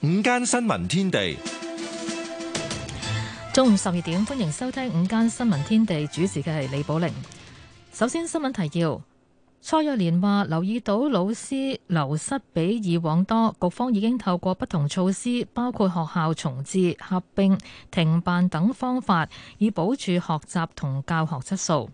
午間新聞天地，中午十二點歡迎收聽午間新聞天地。主持嘅係李寶玲。首先，新聞提要：蔡若蓮話，留意到老師流失比以往多，局方已經透過不同措施，包括學校重置、合併、停辦等方法，以保住學習同教學質素。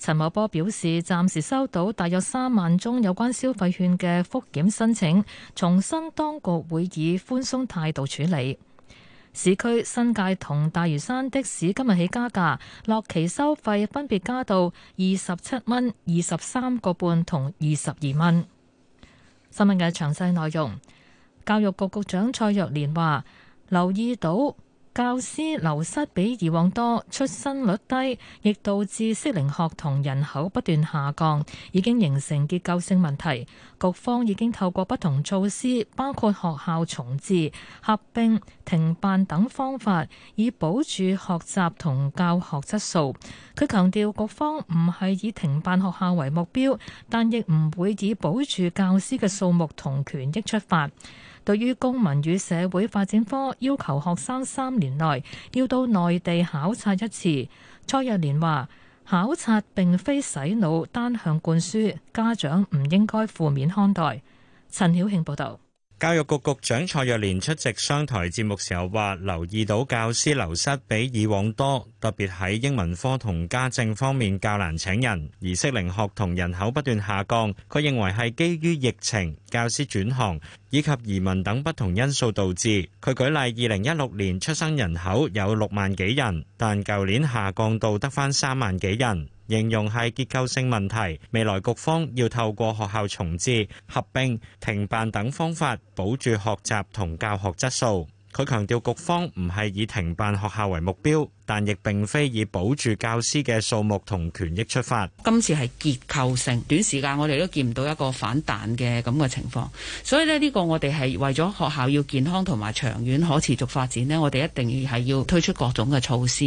陳茂波表示，暫時收到大約三萬宗有關消費券嘅復檢申請，重申當局會以寬鬆態度處理。市區新界同大嶼山的士今日起加價，落期收費分別加到二十七蚊、二十三個半同二十二蚊。新聞嘅詳細內容，教育局局長蔡若蓮話留意到，教師流失比以往多，出生率低，亦導致適齡學童人口不斷下降，已經形成結構性問題。局方已經透過不同措施，包括學校重置、合併、停辦等方法，以保住學習同教學質素。佢強調，局方唔係以停辦學校為目標，但亦唔會以保住教師嘅數目同權益出發。對於公民與社會發展科要求學生三年內要到內地考察一次，蔡若蓮話：考察並非洗腦，單向灌輸，家長唔應該負面看待。陳曉慶報導。教育局局長蔡若蓮出席商台節目時候話，留意到教師流失比以往多，特別喺英文科同家政方面較難請人，而適齡學童人口不斷下降。佢認為係基於疫情、教師轉行以及移民等不同因素導致。佢舉例，二零一六年出生人口有六萬幾人，但舊年下降到得翻三萬幾人。形容係結構性問題，未來局方要透過學校重置、合併、停辦等方法，保住學習同教學質素。佢強調局方唔係以停辦學校為目標。但亦並非以保住教師嘅數目同權益出發，今次係結構性，短時間我哋都見唔到一個反彈嘅咁嘅情況，所以咧，呢個我哋係為咗學校要健康同埋長遠可持續發展咧，我哋一定要係要推出各種嘅措施。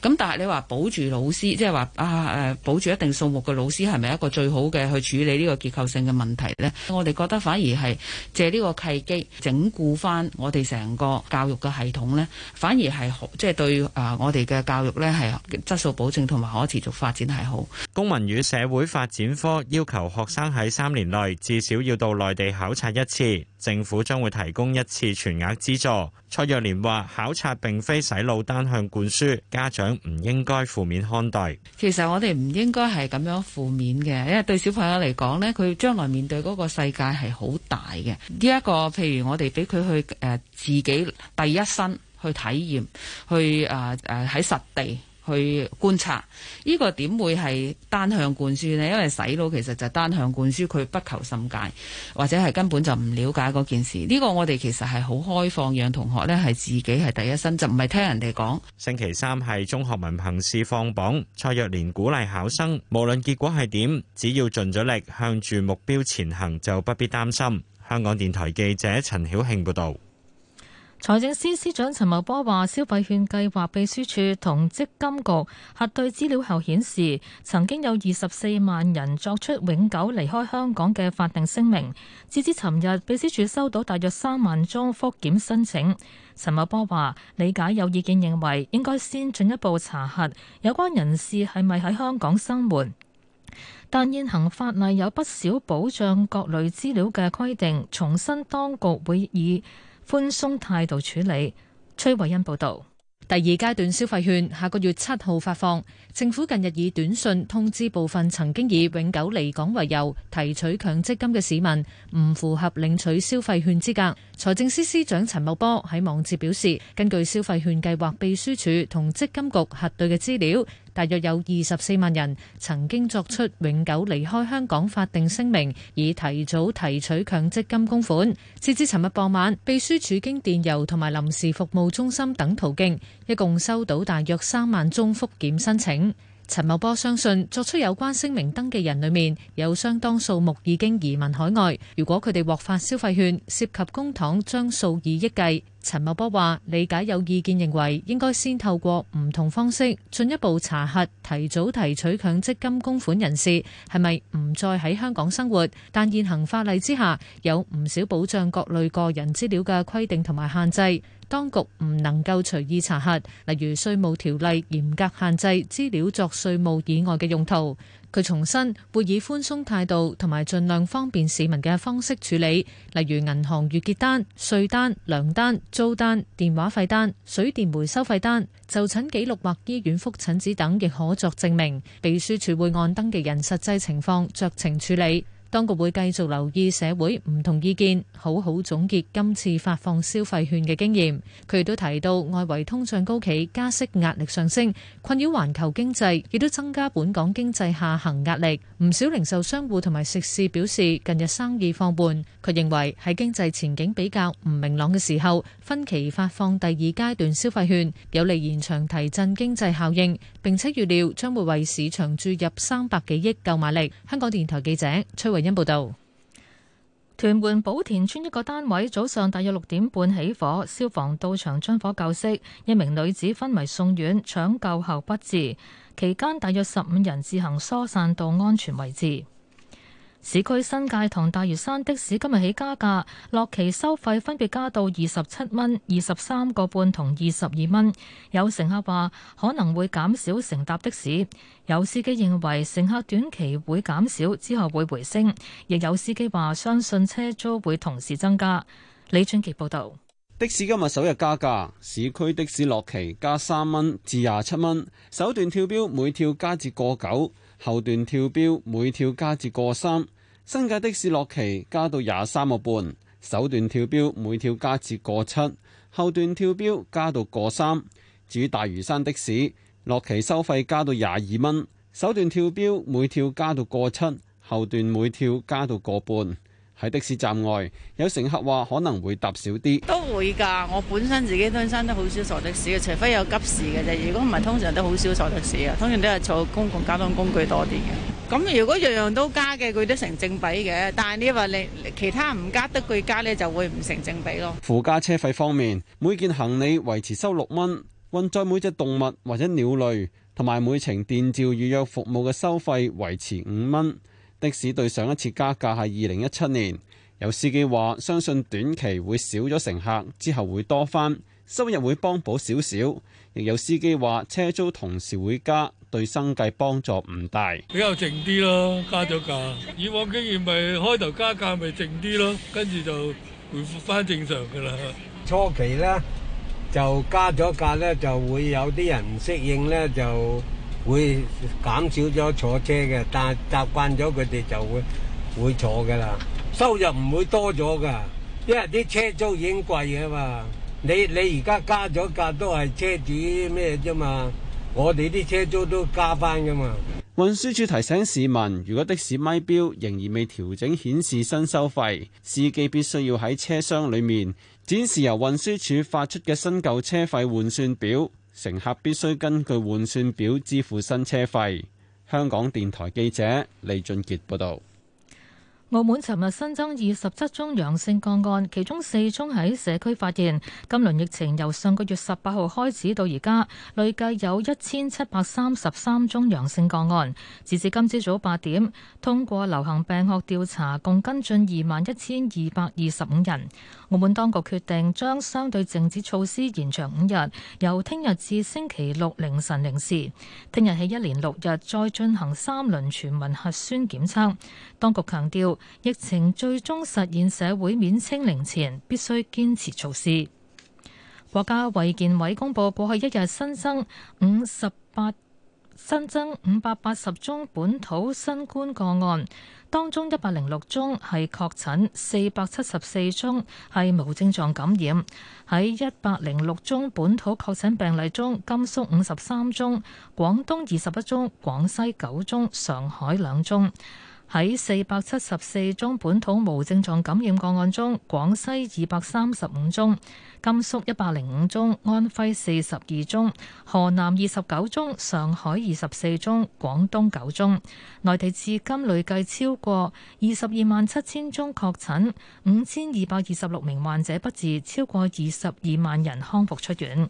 咁但係你話保住老師即係話啊誒保住一定數目嘅老師係咪一個最好嘅去處理呢個結構性嘅問題咧？我哋覺得反而係借呢個契機整固翻我哋成個教育嘅系統咧，反而係即係對啊我哋。嘅教育咧，係質素保證同埋可持續發展係好。公民與社會發展科要求學生喺三年內至少要到內地考察一次，政府將會提供一次全額資助。蔡若蓮話考察並非洗腦單向灌輸，家長唔應該負面看待。其實我哋唔應該，係咁樣負面嘅，因為對小朋友嚟講咧，佢將來面對嗰個世界係好大嘅。呢、這、一個譬如我哋俾佢去誒、呃、自己第一身。去體驗，去啊誒喺、啊、實地去觀察，呢、這個點會係單向灌輸呢？因為洗腦其實就單向灌輸，佢不求甚解，或者係根本就唔了解嗰件事。呢、這個我哋其實係好開放，讓同學呢係自己係第一身，就唔係聽人哋講。星期三係中學文憑試放榜，蔡若蓮鼓勵考、考生，無論結果係點，只要盡咗力，向住目標前行，就不必擔心。香港電台記者陳曉慶報道。財政司司長陳茂波話，消費券計劃秘書處同積金局核對資料後顯示，曾經有二十四萬人作出永久離開香港嘅法定聲明。截至尋日，秘書處收到大約三萬宗複檢申請。陳茂波話，理解有意見認為應該先進一步查核有關人士係咪喺香港生活，但現行法例有不少保障各類資料嘅規定，重申當局會以。寬鬆態度處理，崔慧欣報導。第二階段消費券下個月七號發放，政府近日以短信通知部分曾經以永久離港為由提取強積金嘅市民，唔符合領取消費券資格。財政司司長陳茂波喺網誌表示，根據消費券計劃秘書處同積金局核對嘅資料。大約有二十四萬人曾經作出永久離開香港法定聲明，以提早提取強積金供款。截至尋日傍晚，秘書處經電郵同埋臨時服務中心等途徑，一共收到大約三萬宗復檢申請。陳茂波相信作出有關聲明登記人裏面有相當數目已經移民海外，如果佢哋獲發消費券，涉及公帑將數以億計。陳茂波話：理解有意見認為應該先透過唔同方式進一步查核，提早提取強積金供款人士係咪唔再喺香港生活？但現行法例之下，有唔少保障各類個人資料嘅規定同埋限制。當局唔能夠隨意查核，例如稅務條例嚴格限制資料作稅務以外嘅用途。佢重申會以寬鬆態度同埋盡量方便市民嘅方式處理，例如銀行月結單、稅單、糧單、租單、電話費單、水電煤收費單、就診記錄或醫院覆診紙等，亦可作證明。秘書處會按登記人實際情況酌情處理。當局會繼續留意社會唔同意見，好好總結今次發放消費券嘅經驗。佢亦都提到，外圍通脹高企、加息壓力上升，困擾環球經濟，亦都增加本港經濟下行壓力。唔少零售商戶同埋食肆表示，近日生意放緩。佢認為喺經濟前景比較唔明朗嘅時候，分期發放第二階段消費券，有利延長提振經濟效應，並且預料將會為市場注入三百幾億購買力。香港電台記者崔維。報道：屯門寶田村一個單位早上大約六點半起火，消防到場將火救熄，一名女子昏迷送院，搶救後不治。期間大約十五人自行疏散到安全位置。、市區新界同大嶼山的士今日起加價，落旗收費分別加到二十七蚊、二十三個半同二十二蚊。有乘客話可能會減少乘搭的士，有司機認為乘客短期會減少，之後會回升。亦有司機話相信車租會同時增加。李俊傑報導，的士今日首日加價，市區的士落旗加三蚊至廿七蚊，首段跳標每跳加至過九，後段跳標每跳加至過三。新界的士落旗加到廿三個半，首段跳錶每跳加至個七，後段跳錶加到個三。至於大嶼山的士落旗收費加到廿二蚊，首段跳錶每跳加到個七，後段每跳加到個半。喺的士站外有乘客話可能會搭少啲，都會㗎。我本身自己都生都好少坐的士嘅，除非有急事嘅啫。如果唔係，通常都好少坐的士啊，通常都係坐公共交通工具多啲嘅。咁如果樣樣都加嘅，佢都成正比嘅。但係你話你其他唔加得佢加呢，就會唔成正比咯。附加車費方面，每件行李維持收六蚊，運載每隻動物或者鳥類同埋每程電召預約服務嘅收費維持五蚊。的士對上一次加價係二零一七年。有司機話相信短期會少咗乘客，之後會多返，收入會幫補少少。亦有司機話車租同時會加。對生計幫助唔大，比較靜啲咯，加咗價。以往經驗咪、就是、開頭加價咪靜啲咯，跟住就回復翻正常噶啦。初期咧就加咗價咧，就會有啲人唔適應咧，就會減少咗坐車嘅。但係習慣咗佢哋就會會坐噶啦。收入唔會多咗噶，因為啲車租已經貴啊嘛。你你而家加咗價都係車主咩啫嘛？我哋啲車租都加返㗎嘛。運輸署提醒市民，如果的士咪表仍然未調整顯示新收費，司機必須要喺車廂裏面展示由運輸署發出嘅新舊車費換算表，乘客必須根據換算表支付新車費。香港電台記者李俊傑報道。澳門尋日新增二十七宗陽性個案，其中四宗喺社區發現。今輪疫情由上個月十八號開始到而家，累計有一千七百三十三宗陽性個案。截至今朝早八點，通過流行病學調查，共跟進二萬一千二百二十五人。澳門當局決定將相對靜止措施延長五日，由聽日至星期六凌晨零時。聽日起一連六日再進行三輪全民核酸檢測。當局強調。疫情最終實現社會免清零前，必須堅持措施。國家衛健委公布過去一日新增五十八，新增五百八十宗本土新冠個案，當中一百零六宗係確診，四百七十四宗係無症狀感染。喺一百零六宗本土確診病例中，甘肅五十三宗，廣東二十一宗，廣西九宗，上海兩宗。喺四百七十四宗本土無症狀感染個案中，廣西二百三十五宗，甘肅一百零五宗，安徽四十二宗，河南二十九宗，上海二十四宗，廣東九宗。內地至今累計超過二十二萬七千宗確診，五千二百二十六名患者不治，超過二十二萬人康復出院。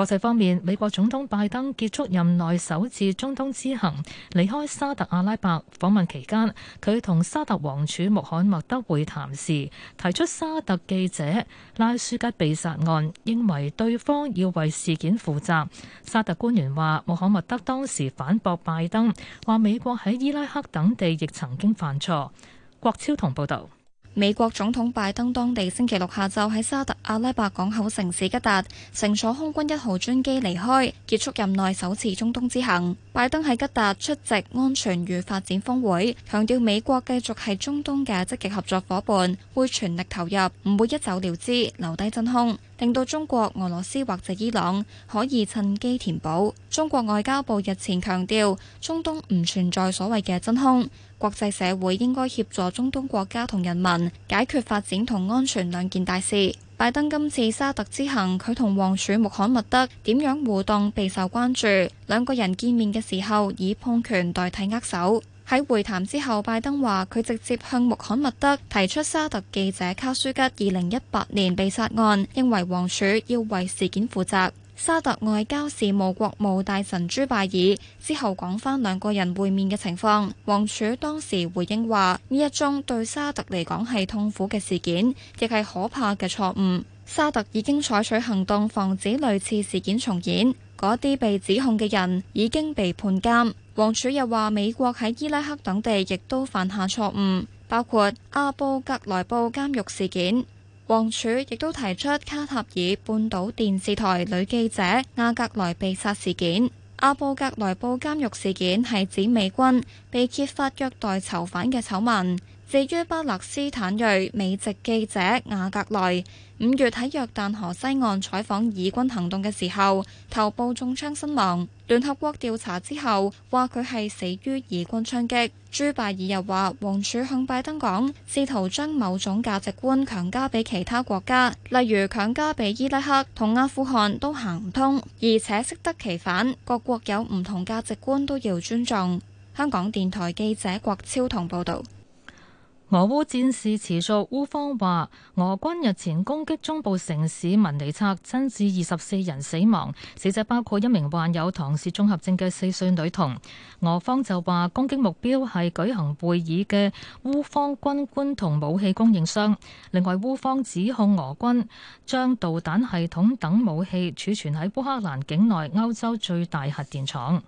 國際方面，美國總統拜登結束任內首次中東之行，離開沙特阿拉伯訪問期間，佢同沙特王儲穆罕默德會談時，提出沙特記者拉舒吉被殺案，認為對方要為事件負責。沙特官員話，穆罕默德當時反駁拜登，話美國喺伊拉克等地亦曾經犯錯。郭超同報道。美國總統拜登當地星期六下晝喺沙特阿拉伯港口城市吉達乘坐空軍一號專機離開，結束任內首次中東之行。拜登喺吉達出席安全與發展峰會，強調美國繼續係中東嘅積極合作伙伴，會全力投入，唔會一走了之，留低真空。令到中國、俄羅斯或者伊朗可以趁機填補。中國外交部日前強調，中東唔存在所謂嘅真空，國際社會應該協助中東國家同人民解決發展同安全兩件大事。拜登今次沙特之行，佢同王儲穆罕默德點樣互動備受關注。兩個人見面嘅時候，以碰拳代替握手。喺會談之後，拜登話佢直接向穆罕默德提出沙特記者卡舒吉二零一八年被殺案，認為王儲要為事件負責。沙特外交事務國務大臣朱拜爾之後講翻兩個人會面嘅情況。王儲當時回應話：呢一宗對沙特嚟講係痛苦嘅事件，亦係可怕嘅錯誤。沙特已經採取行動防止類似事件重演，嗰啲被指控嘅人已經被判監。王儲又話美國喺伊拉克等地亦都犯下錯誤，包括阿布格萊布監獄事件。王儲亦都提出卡塔爾半島電視台女記者阿格萊被殺事件。阿布格萊布監獄事件係指美軍被揭發虐待囚犯嘅醜聞。至於巴勒斯坦裔美籍記者亞格雷，五月喺約旦河西岸採訪以軍行動嘅時候，頭部中槍身亡。聯合國調查之後話佢係死於以軍槍擊。朱拜爾又話，王儲向拜登講，試圖將某種價值觀強加俾其他國家，例如強加俾伊拉克同阿富汗都行唔通，而且適得其反。各國有唔同價值觀都要尊重。香港電台記者郭超同報道。俄烏戰事持續，烏方話俄軍日前攻擊中部城市文尼策，增至二十四人死亡，死者包括一名患有唐氏綜合症嘅四歲女童。俄方就話攻擊目標係舉行會議嘅烏方軍官同武器供應商。另外，烏方指控俄軍將導彈系統等武器儲存喺烏克蘭境內歐洲最大核電廠。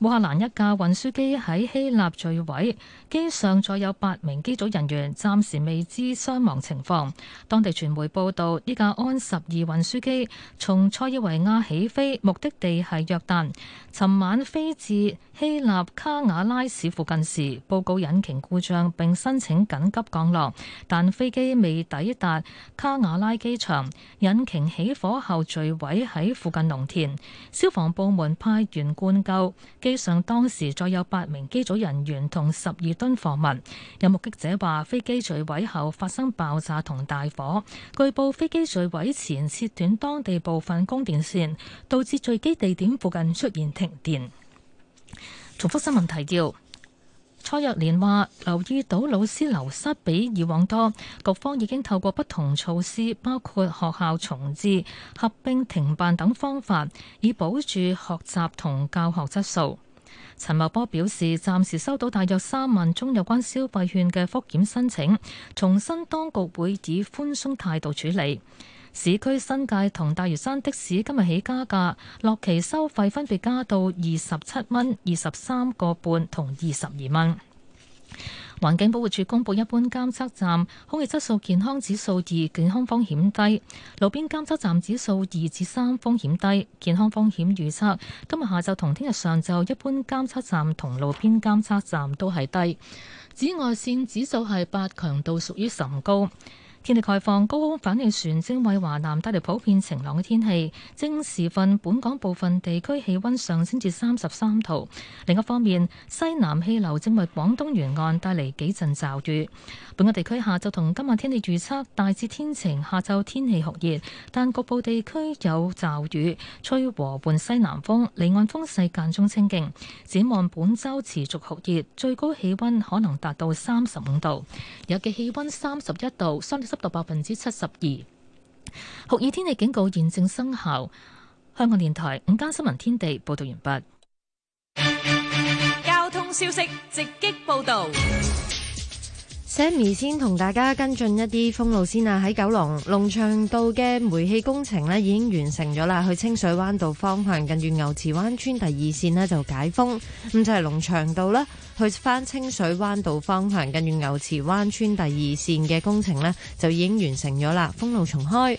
烏克蘭一架運輸機喺希臘墜毀，機上載有八名機組人員，暫時未知傷亡情況。當地傳媒報導，呢架安十二運輸機從塞爾維亞起飛，目的地係約旦。尋晚飛至希臘卡瓦拉市附近時，報告引擎故障並申請緊急降落，但飛機未抵達卡瓦拉機場。引擎起火後墜毀喺附近農田，消防部門派員灌救。機上當時再有八名機組人員同十二噸貨物。有目擊者話，飛機墜毀後發生爆炸同大火。據報，飛機墜毀前切斷當地部分供電線，導致墜機地點附近出現停電。重複新聞提要。蔡若蓮話：留意到老師流失比以往多，局方已經透過不同措施，包括學校重置、合併、停辦等方法，以保住學習同教學質素。陳茂波表示，暫時收到大約三萬宗有關消費券嘅複檢申請，重申當局會以寬鬆態度處理。市區新界同大嶼山的士今日起加價，落旗收費分別加到二十七蚊、二十三個半同二十二蚊。環境保護署公佈，一般監測站空氣質素健康指數二，健康風險低；路邊監測站指數二至三，風險低，健康風險預測今日下晝同聽日上晝，一般監測站同路邊監測站都係低。紫外線指數係八，強度屬於甚高。天氣概況，高空反氣旋正為華南帶嚟普遍晴朗嘅天氣，正時分本港部分地區氣温上升至三十三度。另一方面，西南氣流正為廣東沿岸帶嚟幾陣驟雨。本個地區下晝同今日天，天氣預測大致天晴，下晝天氣酷熱，但局部地區有驟雨，吹和緩西南風，離岸風勢間中清勁。展望本週持續酷熱，最高氣温可能達到三十五度，日嘅氣温三十一度。三濕度百分之七十二，酷熱天氣警告，現正生效。香港電台午間新聞天地報道完畢。交通消息直擊報道。Jamie 先同大家跟進一啲封路先啊！喺九龍龍翔道嘅煤氣工程，呢已經完成咗啦，去清水灣道方向近住牛池灣村第二綫呢就解封，咁就係龍翔道啦，去翻清水灣道方向近住牛池灣村第二綫嘅工程呢就已經完成咗啦，封路重開。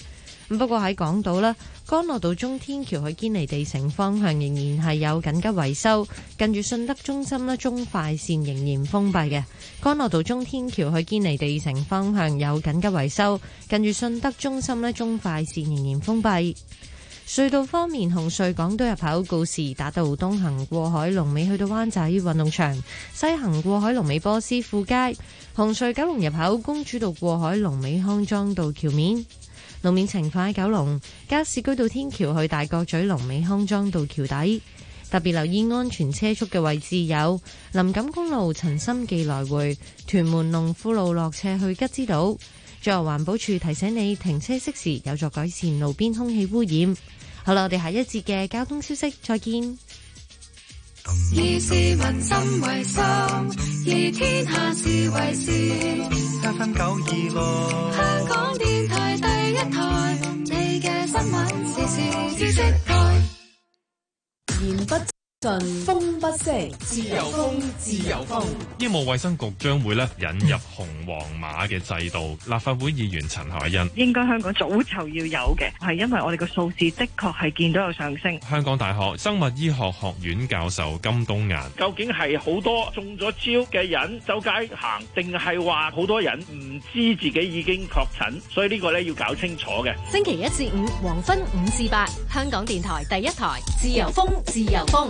咁不過喺港島呢。干諾道中天橋去堅尼地城方向仍然係有緊急維修，近住信德中心呢，中快線仍然封閉嘅。干諾道中天橋去堅尼地城方向有緊急維修，近住信德中心呢，中快線仍然封閉。隧道方面，紅隧港島入口告士打道東行過海龍尾去到灣仔運動場，西行過海龍尾波斯富街。紅隧九龍入口公主道過海龍尾康莊道橋面。路面情況喺九龍加士居道天橋去大角咀，龍尾康莊道橋底，特別留意安全車速嘅位置有林錦公路陳心記來回、屯門龍富路落斜去吉之島。最後環保署提醒你停車熄匙，有助改善路邊空氣污染。好啦，我哋下一節嘅交通消息，再見。以市民心為心，以天下事為事，七分九二六，香港電台。一台你嘅新聞時事知識台，言不。順風不息，自由風，自由風。醫務衛生局將會咧引入紅黃碼嘅制度。 立法會議員陳凱欣應該香港早就要有嘅，係因為我哋個數字的確係見到有上升。香港大學生物醫學學院教授金冬雁，究竟係好多中咗招嘅人周街行，定係話好多人唔知自己已經確診？所以呢個咧要搞清楚嘅。星期一至五黃昏五至八，香港電台第一台，自由風，自由風。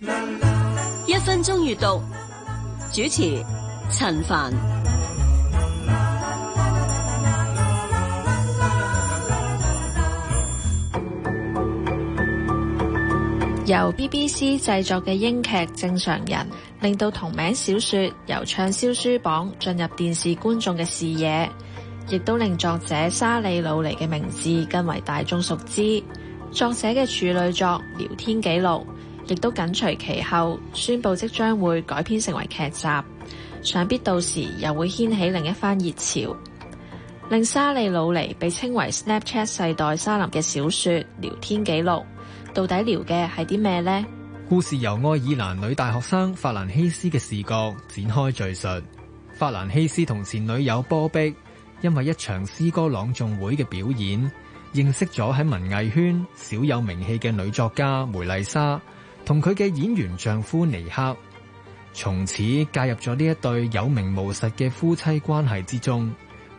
一分鐘閱讀，主持陳凡，陳帆由 BBC 製作嘅英劇《正常人》，令到同名小說由暢銷書榜進入電視觀眾嘅視野，亦都令作者沙利魯尼嘅名字更為大眾熟知。作者嘅處女作《聊天記錄》。亦都緊隨其後宣布即將會改編成為劇集，想必到時又會掀起另一番熱潮。令莎莉魯尼被稱為 Snapchat 世代沙林嘅小說聊天記錄，到底聊嘅係啲咩呢？故事由愛爾蘭女大學生法蘭希斯嘅視角展開敘述。法蘭希斯同前女友波碧因為一場詩歌朗誦會嘅表演，認識咗喺文藝圈小有名氣嘅女作家梅麗莎。同佢嘅演員丈夫尼克，從此介入咗呢一對有名無實嘅夫妻關係之中。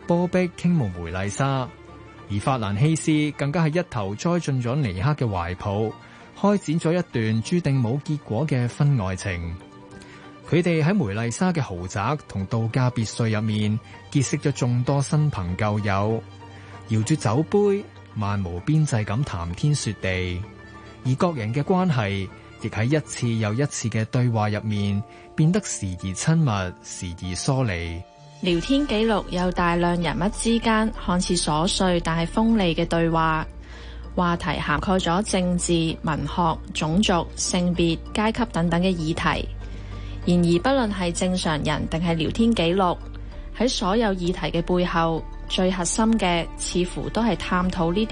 波碧傾慕梅麗莎，而法蘭希斯更加係一頭栽進咗尼克嘅懷抱，開展咗一段注定冇結果嘅婚外情。佢哋喺梅麗莎嘅豪宅同度假別墅入面，結識咗眾多新朋舊友，搖住酒杯，漫無邊際咁談天說地，而各人嘅關係。亦喺一次又一次嘅對話入面，變得時而親密，時而疏離。聊天記錄有大量人物之間看似瑣碎但係鋒利嘅對話，話題涵蓋咗政治、文學、種族、性別、階級等等嘅議題，然而，不論係正常人定係聊天記錄，喺所有議題嘅背後，最核心嘅似乎都係探討呢。